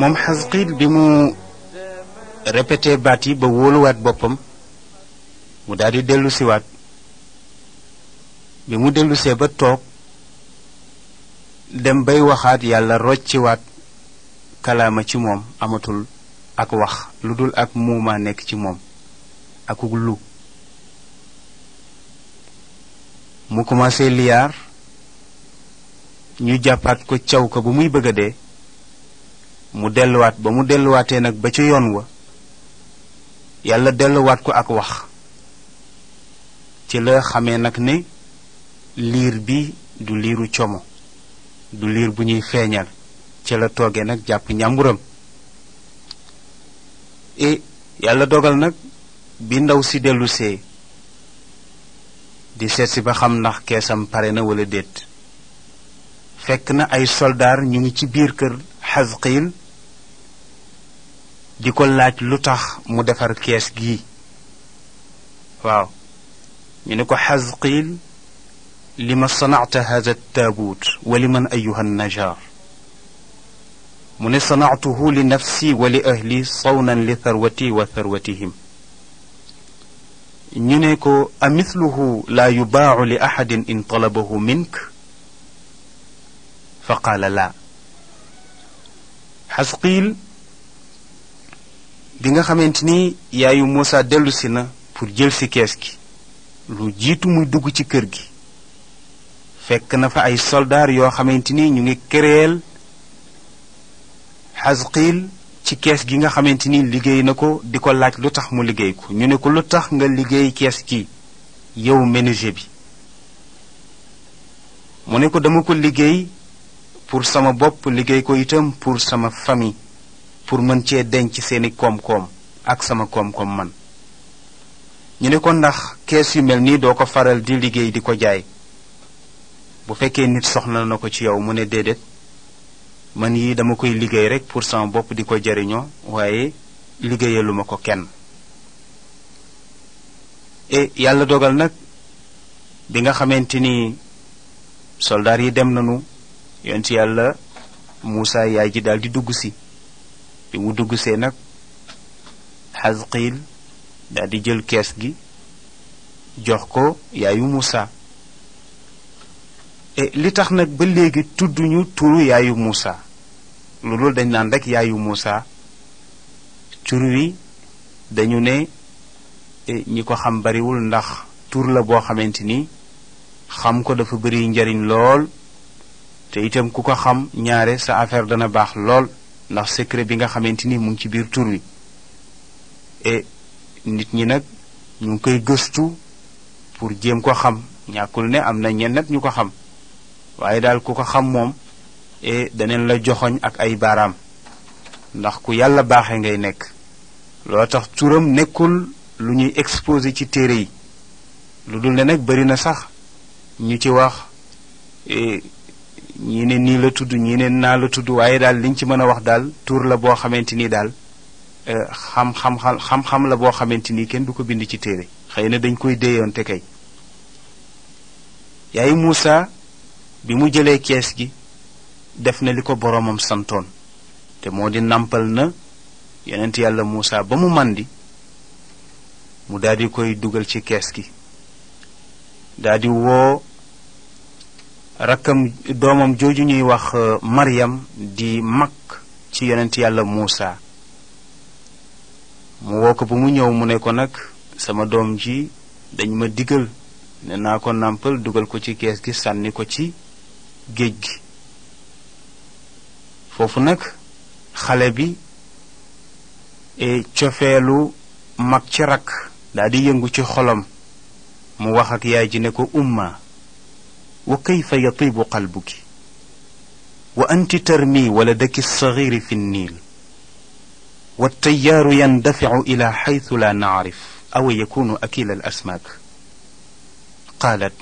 moom xasqiil bi mu répété baat yi ba wóoluwaat boppam mu daldi di dellu siwaat bi mu dellusee ba toog dem bay waxaat yàlla rocciwaat kalaama ci moom amatul ak wax ludul ak muumaa nekk ci moom ak lu mu commencé liyaar ñu jàppaat ko caw ko bu muy bëgg a dee mu delluwaat ba mu delluwaatee nag ba ca yoon wa yàlla delluwaat ko ak wax ci la xamee nag ne liir bi du liiru como du liir bu ñuy feeñal ci la tooge nag jàpp ñàmburam e yàlla dogal nag bi ndaw si dellusee di seet ba xam ndax keesam pare na wala déet fekk na ay soldaar ñu ngi ci biir kër xasqiin di ko laaj lu tax mu defar kees gii waaw ñu ne ko xasqiin li ma sanacta hada taabuut wa li man ayuha najaar mu ne sanactuhu li nafsi wa li ahli sawnan li tharwati wa tharwatihim ñu ne ko amithluhu laa yubaacu li axadin in talabahu mink fa qaala laa xasqiil bi nga xamante ni yaayu Moussa dellusi na pour jël si kees gi lu jiitu muy dugg ci kër gi fekk na fa ay soldaar yoo xamante ni ñu ngi këreel xasqiil ci kees gi nga xamante ni liggéey na ko di ko laaj lu tax mu liggéey ko ñu ne ko lu tax nga liggéey kees gi yow menuisier bi mu ne ko dama ko liggéey pour sama bopp liggéey ko itam pour sama famille pour mën cee denc seeni koom-koom ak sama koom-koom man ñu ne ko ndax kees yu mel nii doo ko faral di liggéey di ko jaay bu fekkee nit soxla na ko ci yow mu ne déedéet man yi dama koy liggéey rek pour sama bopp di ko jariñoo waaye liggéeyaluma ko kenn e yàlla dogal nag bi nga xamante ni soldaar yi dem nañu yonent yàlla Moussa yaay ji daal di dugg si bi mu dugg see nag Xasqiil daal di jël kees gi jox ko yaayu Moussa e li tax nag ba léegi tudduñu turu yaayu Moussa loolu dañ naan rekk yaayu Moussa tur wi dañu ne e ñi ko xam bariwul ndax tur la boo xamante ni xam ko dafa bëri njariñ lool te itam ku ko xam ñaare sa affaire dana baax lool ndax secret bi nga xamante ni mu ngi ci biir tur wi e nit ñi nag ñu ngi koy gëstu pour jéem ko xam ñàkkul ne am na ñenn ñu ko xam waaye daal ku ko xam moom et daneen la joxoñ ak ay baaraam ndax ku yàlla baaxe ngay nekk loo tax turam nekkul lu ñuy exposé ci téere yi lu dul ne nag bari na sax ñu ci wax e ñii ne nii la tudd ñi ne naa la tudd waaye daal liñ ci mën a wax daal tur la boo xamante ni daal euh, xam xam xam xam la boo xamante ni kenn du ko bind ci téere xëy na dañ koy déeyoonte kay yaay Muusa bi mu jëlee kees gi def na li ko boroomam santoon te moo di nàmpal na yonent yàlla Muusa ba mu màndi mu daldi koy dugal ci kees gi daldi woo rakkam doomam jooju ñuy wax euh, Maryam di mag ci yonent yàlla Muusa mu woo ko bu mu ñëw mu ne ko nag sama doom ji dañ ma digal ne naa ko nàmpal dugal ko ci kees gi sànni ko ci géej gi foofu nag xale bi e cofeelu mag ci rakk daldi yëngu ci xolam mu wax ak yaay ji ni ko umma wa kayfa yatibu qalbuki wa anti tarmi waladaki alsaxiri fi nniil waltayaaru yandaficu ila xaytu la nacrif aw yakunu akila alasmaak qaalat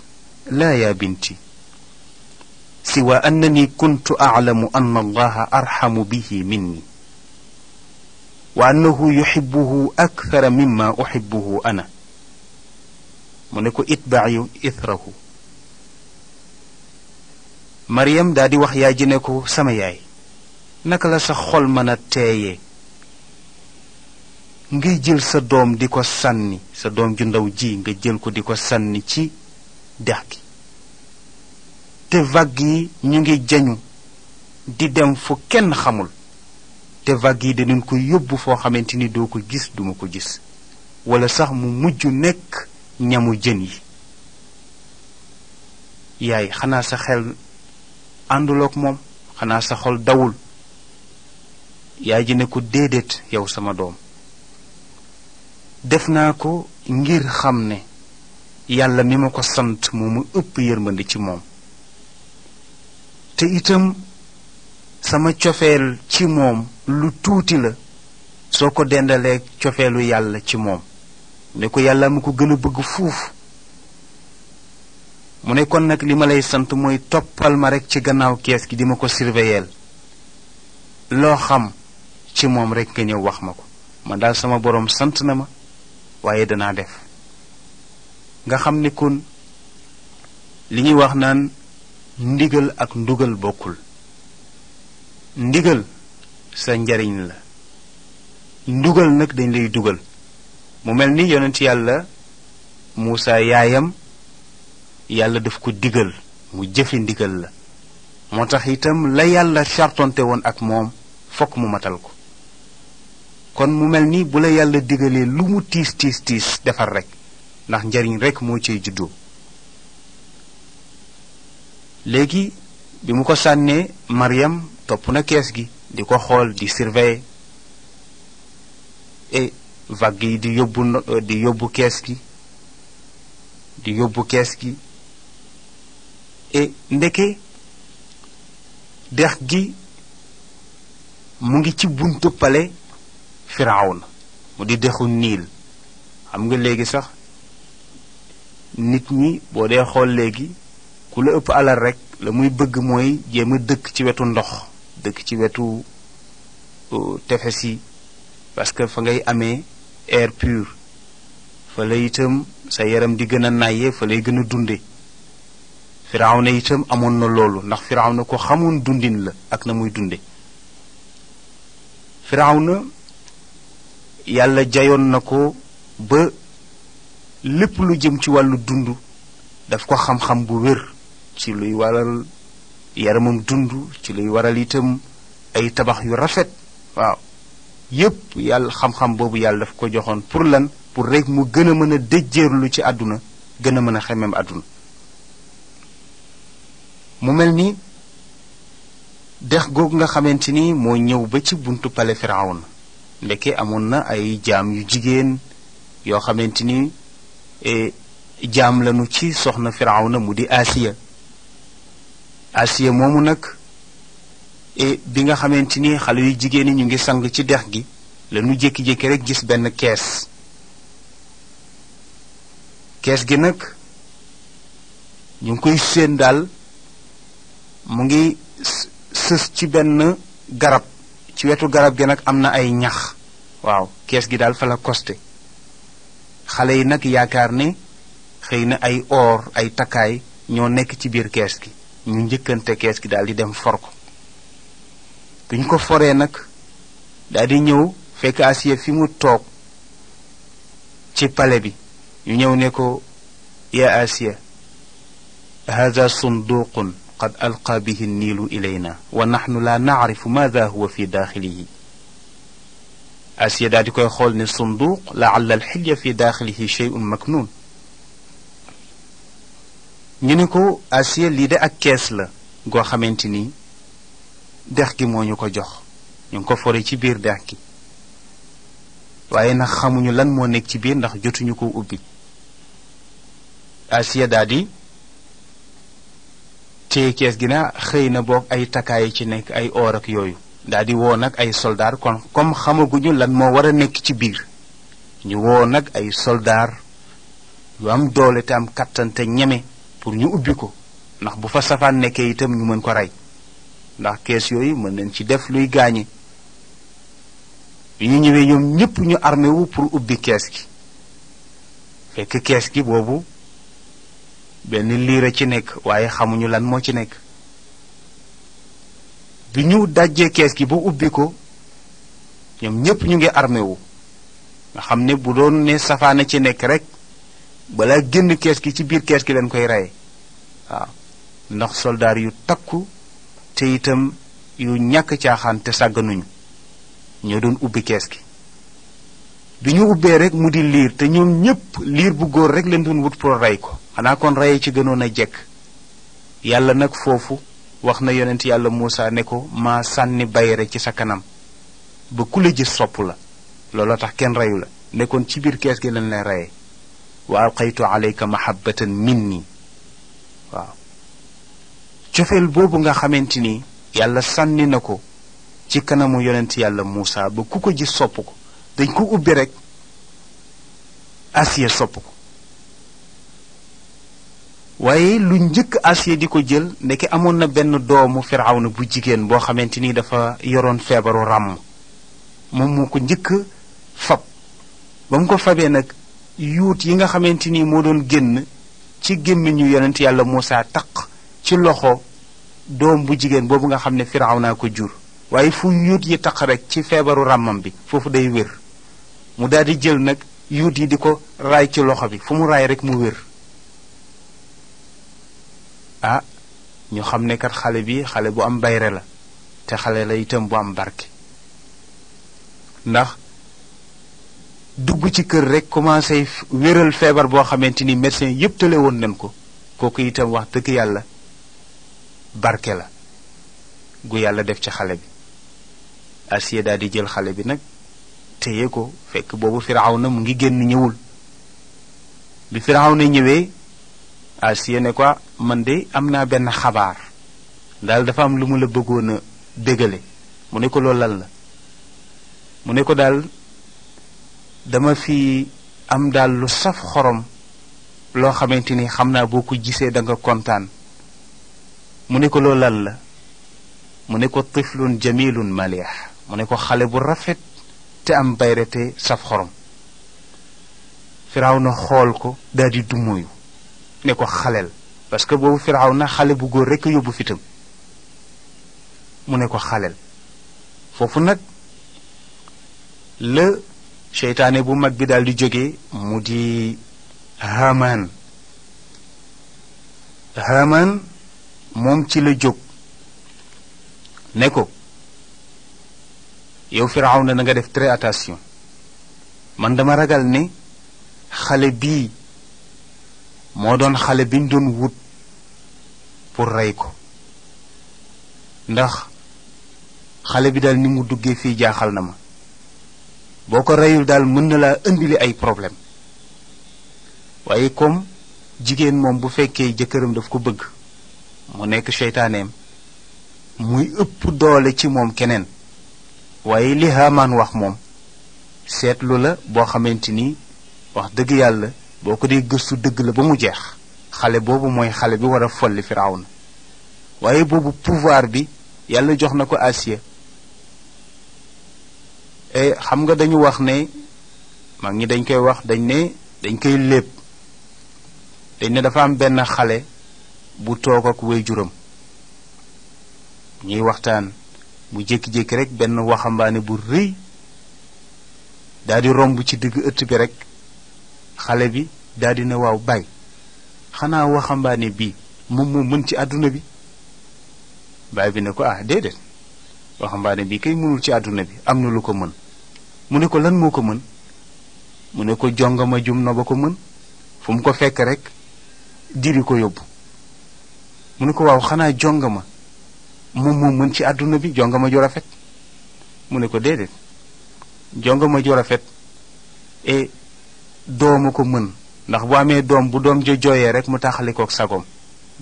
laa yaa binti siwa annani kuntu aclamu anna allaha arxamu bihi minni wa annahu yuxibuhu akthara mima uxibuhu ana mu ne ko itbaci ithrahu mariyam daa di wax yaay ji ne ko sama yaay naka la sa xol mën a teeyee ngay jël sa doom di ko sànni sa doom ju ndaw ji nga jël ko di ko sànni ci dex gi te vague yi ñu ngi jañu di dem fu kenn xamul te vagg yi danañ ko yóbbu foo xamante ni doo ko gis duma ko gis walla sax mu mujj nekk ñamu jën yi yaay xanaa sa xel àndulook moom xanaa sa xol dawul yaay ji ne ko déedéet yow sama doom def naa ko ngir xam ne yàlla mi ma ko sant moo ëpp yërmande ci moom te itam sama cofeel ci moom lu tuuti la soo ko dendaleeg cofeelu yàlla ci moom ne ko yàlla ma ko gën a bëgg fuuf mu ne kon nag li ma lay sant mooy toppal ma rekk ci gannaaw kees gi di ma ko surveiller loo xam ci moom rekk nga ñëw wax ma ko ma daal sama boroom sant na ma waaye danaa def nga xam ne kon li ñuy wax naan ndigal ak ndugal bokkul ndigal sa njariñ la ndugal nag dañ lay dugal mu mel ni yonent yàlla Muusa yaayam yàlla daf ko digal mu jëfi ndigal la moo tax itam la yàlla chartonte woon ak moom fokk mu matal ko kon mu mel ni bu la yàlla digalee lu mu tiis tiis tiis defar rekk ndax njariñ rekk moo cay juddoo léegi bi mu ko sànnee Mariam topp na kees gi di ko xool di surveiller et vague yi di yóbbu di yóbbu kees gi di yóbbu kees gi e dex gi mu ngi ci buntu pale na mu di dexu niil xam nga léegi sax nit ñi boo dee xool léegi ku la ëpp alal rek la muy bëgg mooy jéem a dëkk ci wetu ndox dëkk ci wetu euh, tefes yi parce que fa ngay amee air pur fa la itam sa yaram di gën a naye fa lay gën a dunde firawna itam amoon na loolu ndax na ko xamoon dundin la ak na muy dunde na yàlla jayoon na ko ba lépp lu jëm ci wàllu dund daf ko xam-xam bu wér ci luy waral yaramam dund ci luy waral itam ay tabax yu rafet waaw yépp yàlla xam-xam boobu yàlla daf ko joxoon pour lan pour rek mu gën a mën a déjjeerlu ci àdduna gën a mën a xemem àdduna mu mel ni dex googu nga xamante ni moo ñëw ba ci buntu pale Firawna ndeke amoon na ay jaam yu jigéen yoo xamante ni e, jaam lanu ci soxna Firawna mu di Asiya Asiya moomu nag e, bi nga xamante ni xale yu jigéen ñi ñu ngi sang ci dex gi lañu jékki-jékki rek gis benn kees kees gi nag ñu ngi koy séen daal mu ngi sës ci benn garab ci wetu garab gi nag am na ay ñax waaw kees gi daal fa la costé xale yi nag yaakaar ne xëy na ay or ay takkaay ñoo nekk ci biir kees gi ñu njëkkante kees gi daal di dem for ko bi ñu ko foree nag daal di ñëw fekk Asiya fi mu toog ci pale bi ñu ñëw ne ko yaa Asiya hada sunduqun qad alqa bihi niilu ilayna wa naxnu la naarifu maada huwa fi daaxilihi asiya daal di koy xool ne sunduuq laalla alxilya fi daaxilihi sheyun maknuun ñu ne ko asiya lii de ak kees la goo xamante ni dex gi moo ñu ko jox ñu ngi ko fore ci biir dex gi waaye nag xamuñu lan moo nekk ci biir ndax jotuñu ko ubbi asiya daal téye kees gi na xëy na boog ay takkaay ci nekk ay or ak yooyu daal woo nag ay soldaar kon comme xamaguñu lan moo war a nekk ci biir ñu woo nag ay soldaar yu am doole te am kattan ñeme pour ñu ubbi ko ndax bu fa safaan nekkee itam ñu mën ko rey ndax kees yooyu mën nañ ci def luy gaañe ñu ñëwee ñoom ñëpp ñu armewu pour ubbi kees gi fekk kees gi boobu benn liir a ci nekk waaye xamuñu lan moo ci nekk bi ñu dajjee kees gi ba ubbi ko ñoom ñépp ñu ngi armé wu nga xam ne bu doon ne safaana ci nekk rek balaa génn kees gi ci biir kees gi leen koy rey waaw ndax soldaar yu takku te itam yu ñàkk caaxaan te sàgganuñu ñoo doon ubbi kees gi bi ñu ubbee rek mu di liir te ñoom ñépp liir bu góor rek leen doon wut pour rey ko xanaa kon reye ci gënoon a jekk yàlla nag foofu wax na yonent yàlla Muusa ne ko maa sànni bayre ci sa kanam ba ku la gis sopp la looloo tax kenn reyu la nekkoon ci biir kees gi lañ lay reye wa alqaytu alayka mahabbatan minni waaw cofeel boobu nga xamante ni yàlla sànni na ko ci kanamu yonent yàlla Muusa ba ku ko gis sopp ko dañ ko ubbi rek asiya sopp ko waaye lu njëkk Asiya di ko jël ndeke amoon na benn doomu Firawna bu jigéen boo xamante ni dafa yoroon feebaru ràmm moom moo ko njëkk fab ba mu ko fabee nag yuut yi nga xamante ni moo doon génn ci gémmiñu yonent yàlla Muusaa taq ci loxo doom bu jigéen boobu nga xam ne Firawna ko jur waaye fu yuut yi taq rek ci feebaru ràmmam bi foofu day wér mu daldi jël nag yuut yi di ko raay ci loxo bi fu mu raay rek mu wér ah ñu xam ne kat xale bi xale bu am bayre la te xale la itam bu am barke ndax dugg ci kër rek commencé wéral feebar boo xamante ni médecin yëpp tële woon nañ ko kooku itam wax dëgg yàlla barke la gu yàlla def ci xale bi Asiya daal di jël xale bi nag téye ko fekk boobu firaxaw na mu ngi génn ñëwul bi na ñëwee Asiya ne quoi man de am naa benn xabaar daal dafa am lu mu la bëggoon a dégale mu ne ko loolu lan la mu ne ko daal dama fi am daal lu saf xorom loo xamante ni xam naa boo ko gisee da kontaan mu ne ko loolu lan la mu ne ko tiflun jamilun malih mu ne ko xale bu rafet te am bayrete saf xorom firaw na xool ko daal di dumóoyu ne ko xaleel parce que boobu firaaw na xale bu góor rekk yóbbu fitam mu ne ko xaleel foofu nag la seytaane bu mag bi daal di jóge mu di Haamaan Haamaan moom ci la jóg ne ko yow firaaw na na nga def très attention man dama ragal ne xale bii moo doon xale bi biñ doon wut pour rey ko ndax xale bi daal ni mu duggee fii jaaxal na ma boo ko reyul daal mën na laa indile ay problème waaye comme jigéen moom bu fekkee jëkkëram daf ko bëgg mu nekk seytaaneem muy ëpp doole ci moom keneen waaye li wax moom seetlu la boo xamante ni wax dëgg yàlla boo ko dee gëstu dëgg la ba mu jeex xale boobu mooy xale bi war a folli Firawna waaye boobu pouvoir bi yàlla jox na ko Asiya e xam nga dañu wax ne mag ñi dañ koy wax dañ ne dañ koy lépp dañ ne dafa am benn xale bu toog ak waajuram ñuy waxtaan mu jékki-jékki rek benn waxambaane bu rëy daldi romb ci digg ëtt bi rek xale bi daal di ne waaw bàyyi xanaa waxambaane bi moom moo mën ci àdduna bi baay bi ne ko ah déedéet waxambaane bi kay mënul ci àdduna bi am na lu ko mën mu ne ko lan moo ko mën mu ne ko jongama ju na ba ko mën fu mu ko fekk rek diri ko yóbbu mu ne ko waaw xanaa jongama moom moo mën ci àdduna bi jongama ju rafet mu ne ko déedéet jongama ju rafet eh, dooma ko mën ndax bu amee doom bu doom ji jooyee rek mu taxalikook sagoom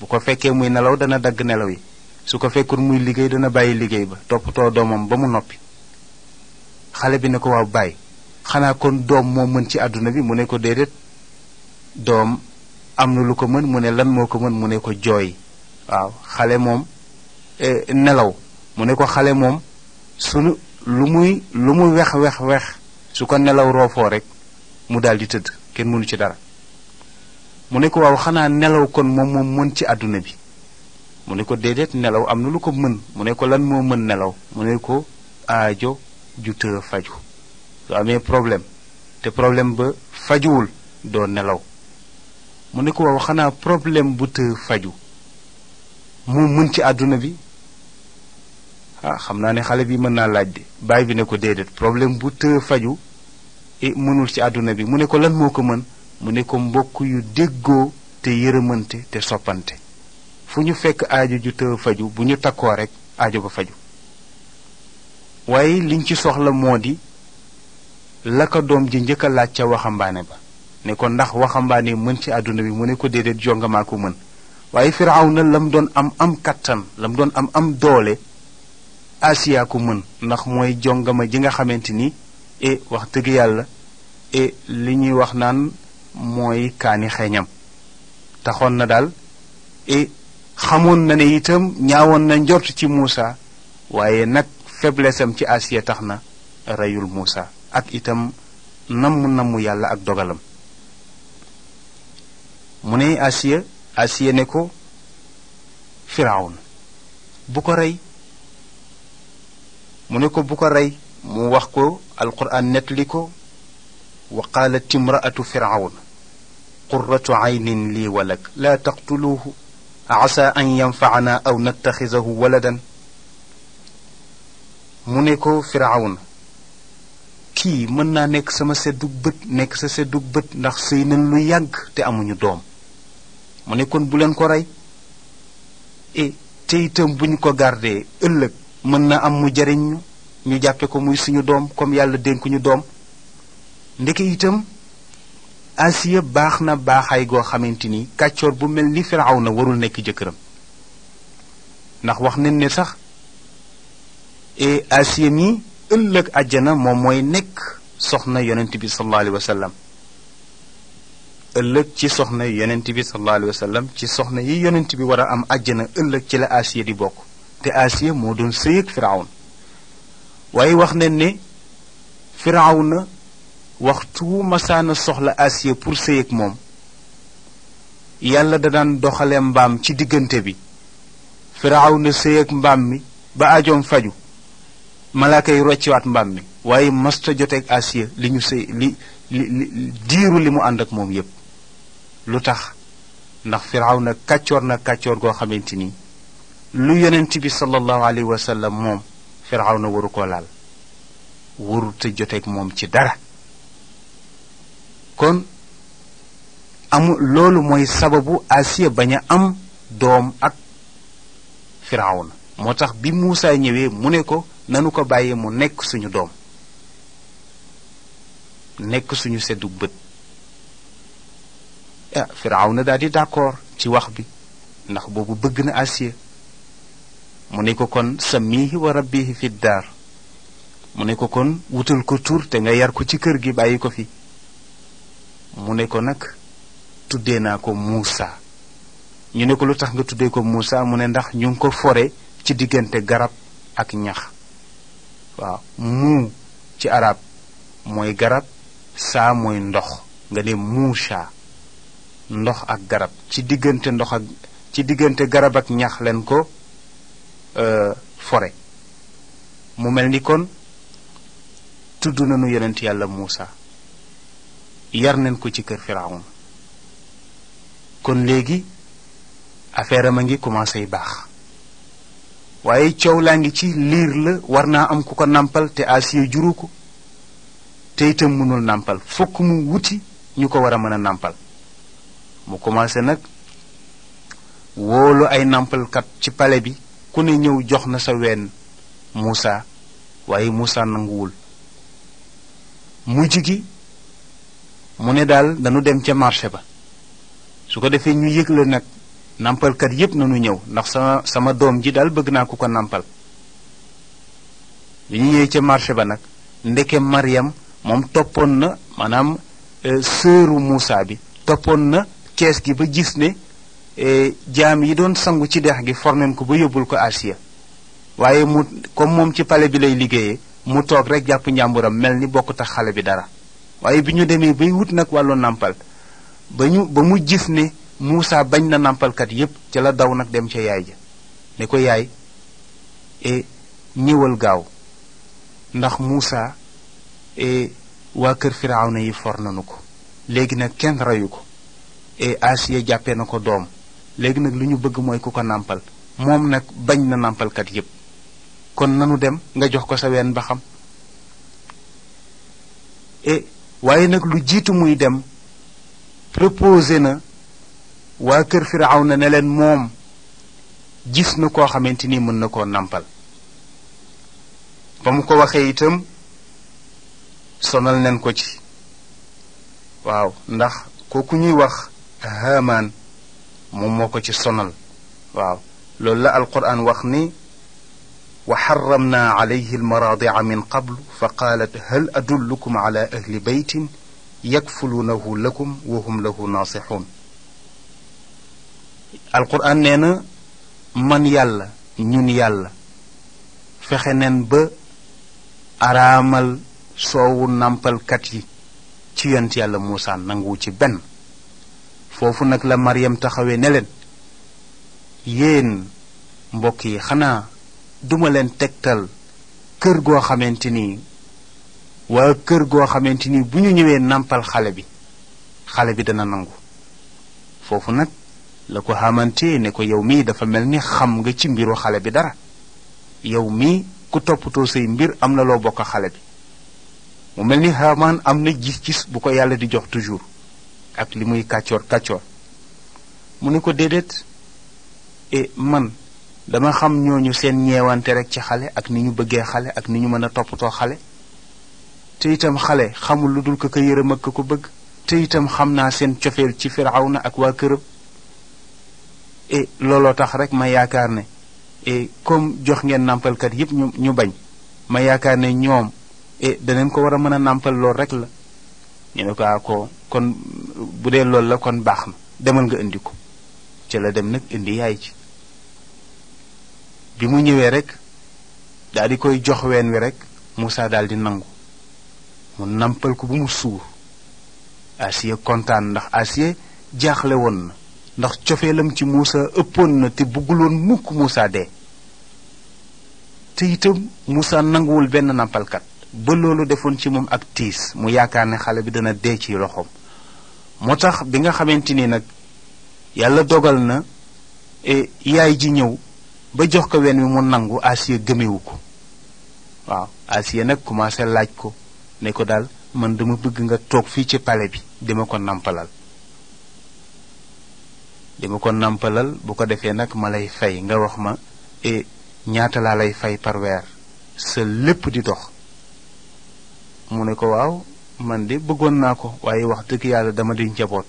bu ko fekkee muy nelaw dana dagg nelaw yi su ko fekkul muy liggéey dana bàyyi liggéey ba toppatoo doomam ba mu noppi xale bi ne ko waaw bàyyi xanaa kon doom moo mën ci àdduna bi mu ne ko déedéet doom am na lu ko mën mu ne lan moo ko mën mu ne ko jooy waaw xale moom eh, nelaw mu ne ko xale moom su lu muy lu mu wex wex wex su ko nelaw roofoo rek mu daal di tëdd kenn mënu ci dara mu ne ko waaw xanaa nelaw kon moom moom mën ci àdduna bi mu ne ko déedéet nelaw am na lu ko mën mu ne ko lan moo mën nelaw mu ne ko aajo ju të faju soo amee problème te problème ba fajuwul doo nelaw mu ne ko waaw xanaa problème bu të faju moo mën ci àdduna bi ah xam naa ne xale bi mën naa laaj de baay bi ne ko déedéet problème bu të faju E mënul ci àdduna bi mu ne ko lan moo ko mën mu ne ko mbokk yu déggoo te yërëmante te soppante fu ñu fekk aajo ju të faju bu ñu takkoo rek aajo ba faju waaye liñ ci soxla moo di la ko doom ji njëkk laaj ca waxambaane ba ne ko ndax waxambaane mën ci àdduna bi mu ne ko déedéet jongamaa ko mën waaye Firawna lam doon am am kattan lam doon am am doole Asiya ko mën ndax mooy jongama ji nga xamante ni e wax dëgg yàlla e li ñuy wax naan mooy kaani xeeñam taxoon na daal e xamoon na ne itam ñaawoon na njort ci Muusa waaye nag faiblesse ci Asiya tax na reyul Muusa ak itam namm namm yàlla ak dogalam mu ne Asiya Asiya ne ko Firawun bu ko rey mu ne ko bu ko rey mu wax ko alquran nettali ko wa qaalat imraatu firawna quratu aynin lii walak laa taqtuluuhu asa an yanfaanaa aw nattaxisahu waladan mu ne ko firawna kii mën naa nekk sama seddug bët nekk sa seddug bët ndax sëy nañ lu yàgg te amuñu doom mu ne kon bu leen ko rey e te bu ñu ko gardee ëllëg mën na am mu jariñ ñu ñu jàppe ko muy suñu doom comme yàlla ñu doom ndeke itam asiya baax na baaxaay goo xamante ni kàccoor bu mel ni na warul nekk jëkkëram ndax wax nañ ne sax e asiya mi ëllëg àjjana moom mooy nekk soxna yonent bi sallallahu alayhi wa sallam ci soxna yonent bi sallallahu alayhi ci soxna yi yonent bi war a am àjjana ëllëg ci la asiya di bokk te asiya moo doon sëy ak waaye wax nañ ne Firawna waxtu wu masaana soxla Asiya pour sëy ak moom yàlla da daan doxale mbaam ci diggante bi firaaw na sëy ak mbaam mi ba ajoom faju malaaka yi rocciwaat mbaam mi waaye masta joteeg Asiya li ñu sëy li li diiru li mu ànd ak moom yépp lu tax ndax firaaw na kàccoor na kàccoor goo xamante ni lu yonent bi sallallahu alayhi wa moom firaaw na waru ko laal warute joteeg moom ci dara kon amul loolu mooy sababu Asiya bañ a am doom ak Firawna moo tax bi Muusaa ñëwee mu ne ko nanu ko bàyyee mu nekk suñu doom nekk suñu seddu bët ah na daal di ci wax bi ndax boobu bëgg na Asiya mu ne ko kon samihi wa rabbihi fi daar mu ne ko kon wutal ko tur te nga yar ko ci kër gi bàyyi ko fi mu ne ko nag tuddee naa ko Moussa ñu ne ko lu tax nga tuddee ko Moussa mu ne ndax ñu ngi ko fore ci diggante garab ak ñax waaw muu ci arab mooy garab saa mooy ndox nga ne Moussa ndox ak garab ci diggante ndox ak ci diggante garab ak ñax leen ko euh, fore mu mel ni kon tudd nañu yonent yàlla Moussa yar nañ ko ci kër Firawun kon léegi affaire am a ngi commencé y baax waaye coow laa ngi ci liir la war naa am ku ko nàmpal te Asiya juru ko te itam mënul nàmpal fokk mu wuti ñu ko war a mën a nàmpal mu commencé nag wóolu ay nàmpalkat ci pale bi ku ne ñëw jox na sa ween muusa waaye Moussa nanguwul mujj gi mu ne daal dañu dem ca marché ba su ko defee ñu yëg la nag nampalkat yépp nañu ñëw ndax sama sama doom ji daal bëgg naa ku ko nampal bi ñu ñëwee ca marché ba nag ndeke Mariam moom toppoon na maanaam e, sëru Moussa bi toppoon na kees gi ba gis ne e, jaam yi doon sangu ci dex gi forneen ko ba yóbbul ko Asiya waaye mu comme moom ci pale bi lay liggéeyee mu toog rek jàpp njàmburam mel ni bokk tax xale bi dara waaye bi ñu demee bay wut nag wàllu nàmpal ba ba mu gis ne Moussa bañ na nàmpalkat yépp ca la daw nag dem ca yaay ja ne ko yaay e ñëwal gaaw ndax Moussa e, waa kër na yi for nanu ko léegi nag kenn reyu ko e Asiya jàppee na ko doom léegi nag lu ñu bëgg mooy ku ko nàmpal moom nag bañ na nàmpalkat yépp kon nanu dem nga jox ko sa ween ba xam e, waaye nag lu jiitu muy dem proposé na waa kër Firawna ne leen moom gis na koo xamante ni mën na koo nàmpal ba mu ko waxee itam sonal nañ ko ci waaw ndax kooku ñuy wax Haamaan moom moo ko ci sonal waaw loolu la Alquran wax ni wa xaramna alayhi almaradia min qablu fa qaalat hal adullukum ala ahli beytin yakfuluunahu lakum wa hum lahu naasixuun alquran nee na man yàlla ñun yàlla fexe neen ba araamal soowu nàmpalkat yi ci yont yàlla Muusaa nangu ci benn foofu nag la Maryam taxawee ne leen mbokk yi xanaa duma leen tegtal kër goo xamante ni waa kër goo xamante ni bu ñu ñëwee nàmpal xale bi xale bi dana nangu foofu nag la ko xamante ne ko yow mii dafa mel ni xam nga ci mbiru xale bi dara yow mii ku toppatoo say mbir am na loo bokk xale bi mu mel ni xamaan am na gis-gis bu ko yàlla di jox toujours ak li muy kàccoor kàccoor mu ne ko déedéet eh, man dama xam ñooñu seen ñeewante rek ci xale ak ni ñu bëggee xale ak ni ñu mën a toppatoo xale te itam xale xamul lu dul ko ko yërëm ak ko bëgg te itam xam naa seen cofeel ci na ak waa këram e looloo tax rek ma yaakaar ne e comme jox ngeen nàmpalkat yépp ñu ñu bañ ma yaakaar ne ñoom e danañ ko war a mën a nàmpal lool rek la ñu ne ko ah, ko kon bu dee loolu la kon baax na demal nga indi ko ci la dem nag indi yaay ci bi mu ñëwee rek daldi koy jox ween wi rekk Moussa daal nangu mu nampal ko bu mu suur Asiya kontaan ndax Asiya jaaxle woon na ndax cofeelam ci muusa ëppoon na te bëgguloon mukk Moussa dee te itam nanguwul benn nampalkat ba loolu defoon ci moom ak tiis mu yaakaar ne xale bi dana dee ci loxoom moo tax bi nga xamante ni nag yàlla dogal na eh, yaay ji ñëw ba jox ko wenn wi mu nangu Asiya gëmewu ko waaw Asiya nag commencé laaj ko ne ko daal man dama bëgg nga toog fii ci pale bi dama ko nàmpalal dama ko nàmpalal bu ko defee nag ma lay fay nga wax ma e ñaata laa lay fay par weer sa lépp di dox mu ne ko waaw man de bëggoon naa ko waaye wax dëgg yàlla dama di njaboot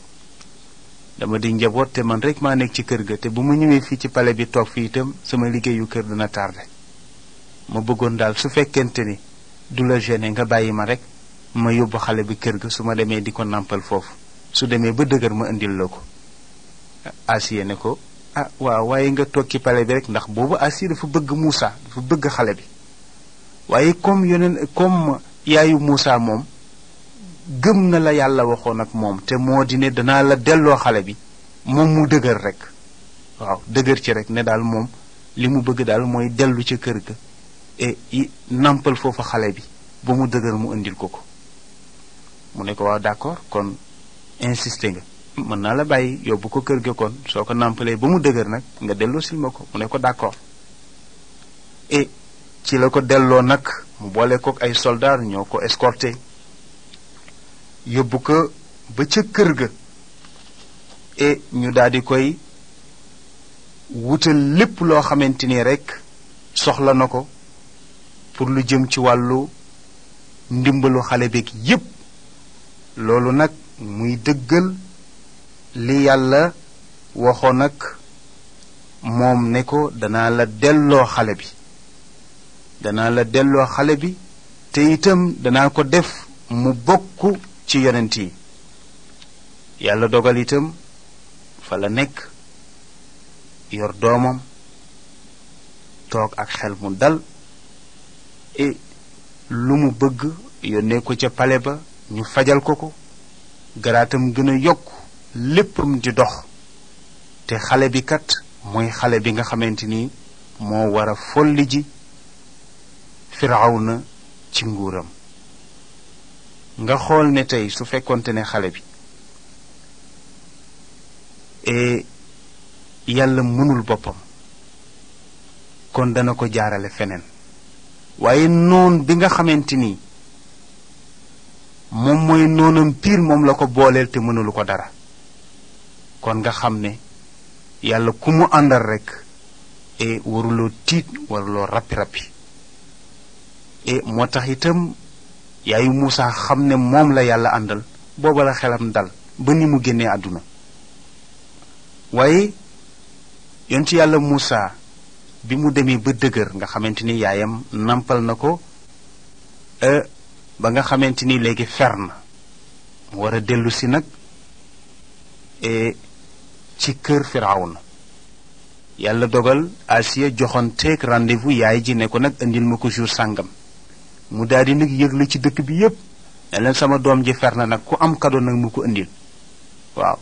dama di njaboot te man rek maa nekk ci kër ga te bu ma ñëwee fii ci pale bi toog fii itam sama liggéeyu kër dana tardé ma bëggoon daal su fekkente ni du la gêné nga bàyyi ma rek ma yóbbu xale bi kër ga su ma demee di ko nàmpal foofu su demee ba dëgër ma indil la ko Asiye ne ko ah waaw waaye nga toog ci palais bi rek ndax boobu Asiye dafa bëgg Moussa dafa bëgg xale bi waaye comme yoneen comme yaayu Moussa moom gëm na la yàlla waxoon ak moom te moo di ne danaa la delloo xale bi moom mu dëgër rek waaw dëgër ci rek ne daal moom li mu bëgg daal mooy dellu ca kër ga et nampal foofa xale bi ba mu dëgër mu indil ko ko mu ne ko waaw d'accord kon insisté nga mën naa la bàyyi yóbbu ko kër ga kon soo ko nàmpalee ba mu dëgër nag nga delloo sil ma ko mu ne ko d'accord et ci la ko delloo nag mu boole kook ay soldats ñoo ko escorté yóbbu ko ba ca kër ga e ñu daldi koy wutal lépp loo xamante ni rekk soxla na ko pour lu jëm ci wàllu ndimbalu xale beeg yépp loolu nag muy dëggal li yàlla waxoo nag moom ne ko danaa la delloo xale bi danaa la delloo xale bi te itam danaa ko def mu bokk ci yonent yi yàlla dogal itam fa la nekk yor doomam toog ak xel mu dal et lu mu bëgg yónnee ko ca pale ba ñu fajal ko ko garaatam gën a yokk léppam di dox te xale bi kat mooy xale bi nga xamante ni moo war a folli ji firawna ci nguuram nga xool ne tey su fekkonte ne xale bi e yàlla mënul boppam kon dana ko jaarale feneen waaye noon bi nga xamante ni moom mooy noonam piir moom la ko booleel te mënulu ko dara kon nga xam ne yàlla ku mu àndal rekk et waruloo tiit waruloo rappi rappi e moo tax itam yaayu Moussa xam ne moom la yàlla àndal booba la xelam dal ba ni mu génnee àdduna waaye yontu yàlla Moussa bi mu demee ba dëgër nga xamante ni yaayam nàmpal na ko e, ba nga xamante ni léegi fer na mu war a dellu si nag e, ci kër na yàlla dogal Asiya joxoon teeg yaay ji ne ko nag indil ma ko jour sàngam mu daal di nag yëgle ci dëkk bi yépp ne sama doom ji fer na nag ku am kado nag mu ko indil waaw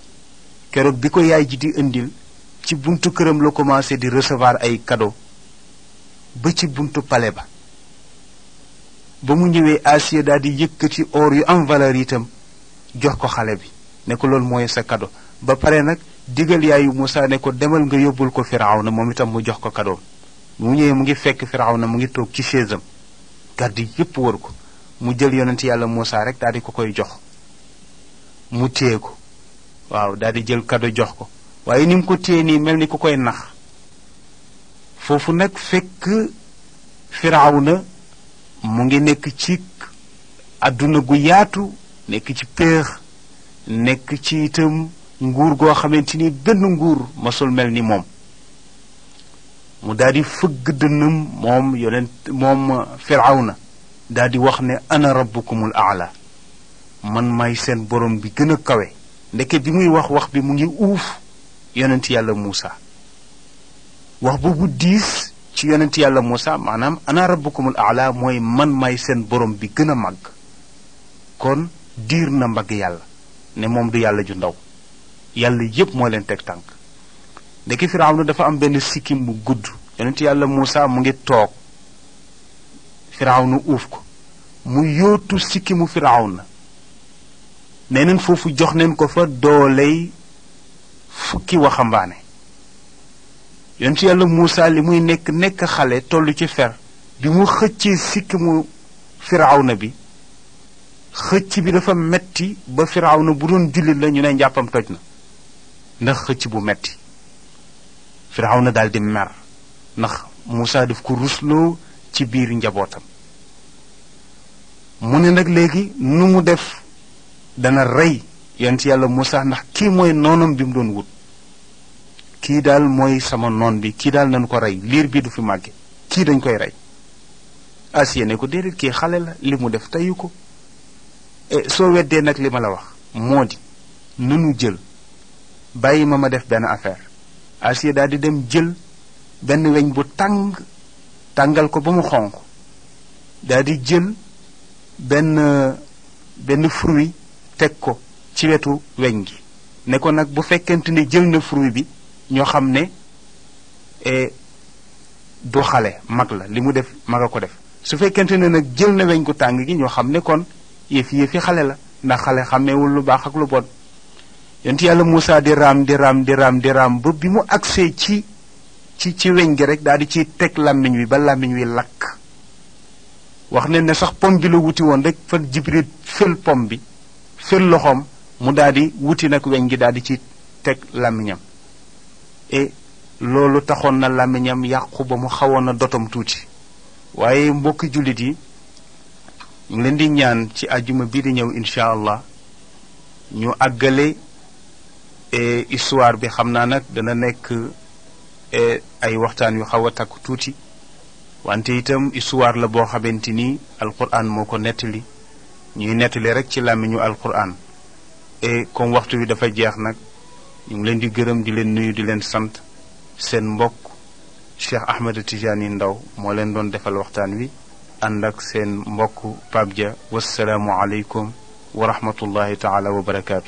keroog bi ko yaay ji di indil ci buntu këram la commencé di recevoir ay kado ba ci buntu pale ba ba mu ñëwee Asiya daal di ci or yu am valeur itam jox ko xale bi ne ko loolu mooy sa kado ba pare nag digal yaayu Moussa ne ko demal nga yóbbul ko Firawna moom itam mu jox ko kadoom mu ñëwee mu ngi fekk Firawna mu ngi toog ci chaise garde yépp waru ko mu jël yonent yàlla Moussa rek daldi ko koy jox mu téye ko waaw daldi jël kado jox ko waaye nim ko téye nii mel ni ku koy nax foofu nag fekk firaaw na mu ngi nekk ci àdduna gu yaatu nekk ci péex nekk ci itam nguur goo xamante ni benn nguur masul mel ni moom mu daal di fëgg dënnam moom yonent moom firawna daal di wax ne ana rabbukumul aala man may seen borom bi gën a kawe ndeke bi muy wax wax bi mu ngi uuf yonent yàlla Muusa wax boobu diis ci yonent yàlla Muusa maanaam ana rabbukumul aala mooy man may seen borom bi gën a màgg kon diir na mbagg yàlla ne moom du yàlla ju ndaw yàlla yépp moo leen teg tànk ndeki na dafa am benn sikkim bu gudd yonent yàlla Muusa mu ngi toog firawna uuf ko mu yóotu sikkimu firawna nee neen foofu jox neen ko fa dooley fukki waxambaane yonent yàlla Muusa li muy nekk nekk xale toll ci fer bi mu xëccee sikkimu na bi xëcc bi dafa metti ba na bu doon jullit la ñu ne njàppam toj na ndax xëcc bu metti Firawna daal di mer ndax Moussa def ko rusloo ci biir njabootam mu ne nag léegi nu mu def dana rey yonent yàlla Moussa ndax kii mooy noonam bi mu doon wut kii daal mooy sama noon bi kii daal nañu ko rey liir bii du fi màgge kii dañ koy rey Asiya ne ko déedéet kii xale la li mu def teyu ko e, soo weddee nag li ma la wax moo di nanu jël bàyyi ma ma def benn affaire Asiya daal di dem jël benn weñ bu tàng tàngal ko ba mu xonq daal jël benn benn fruit teg ko ci wetu weñ gi ne ko nag bu fekkente ne jël na fruit bi ñoo xam ne e, du xale mag la li mu def mag a ko def su fekkente ne nag jël na weñ gu tàng gi ñoo xam ne kon yëf yëfi xale la ndax xale xàmmeewul lu baax ak lu bon yonti yàlla Moussa di raam di raam di raam ba bi mu agsee ci ci ci weñ gi rek daal di ciy teg làmmiñ wi ba làmmiñ wi lakk wax ne ne sax pom bi la wuti woon rek fa Jibril fël pom bi fël loxoom mu daldi di wuti nag weñ gi daal di ci teg làmmiñam et loolu taxoon na làmmiñam yàqu ba mu xawoon na dotom tuuti waaye mbokki jullit yi ñu leen di ñaan ci àjjuma bii di ñëw incha allah ñu àggale E histoire bi xam naa nag dana nekk e ay waxtaan yu xaw a takk tuuti wante itam histoire la boo xamante ni alquran moo ko nettali ñuy nettali rek ci làmmiñu alquran et kom waxtu wi dafa jeex nag ñu ngi leen di gërëm di leen nuyu di leen sant seen mbokk Cheikh Ahmed Tidiane Ndao moo leen doon defal waxtaan wi ànd ak seen mbokk Pape Dia wasalaamualeykum wa rahmatullahi taala wa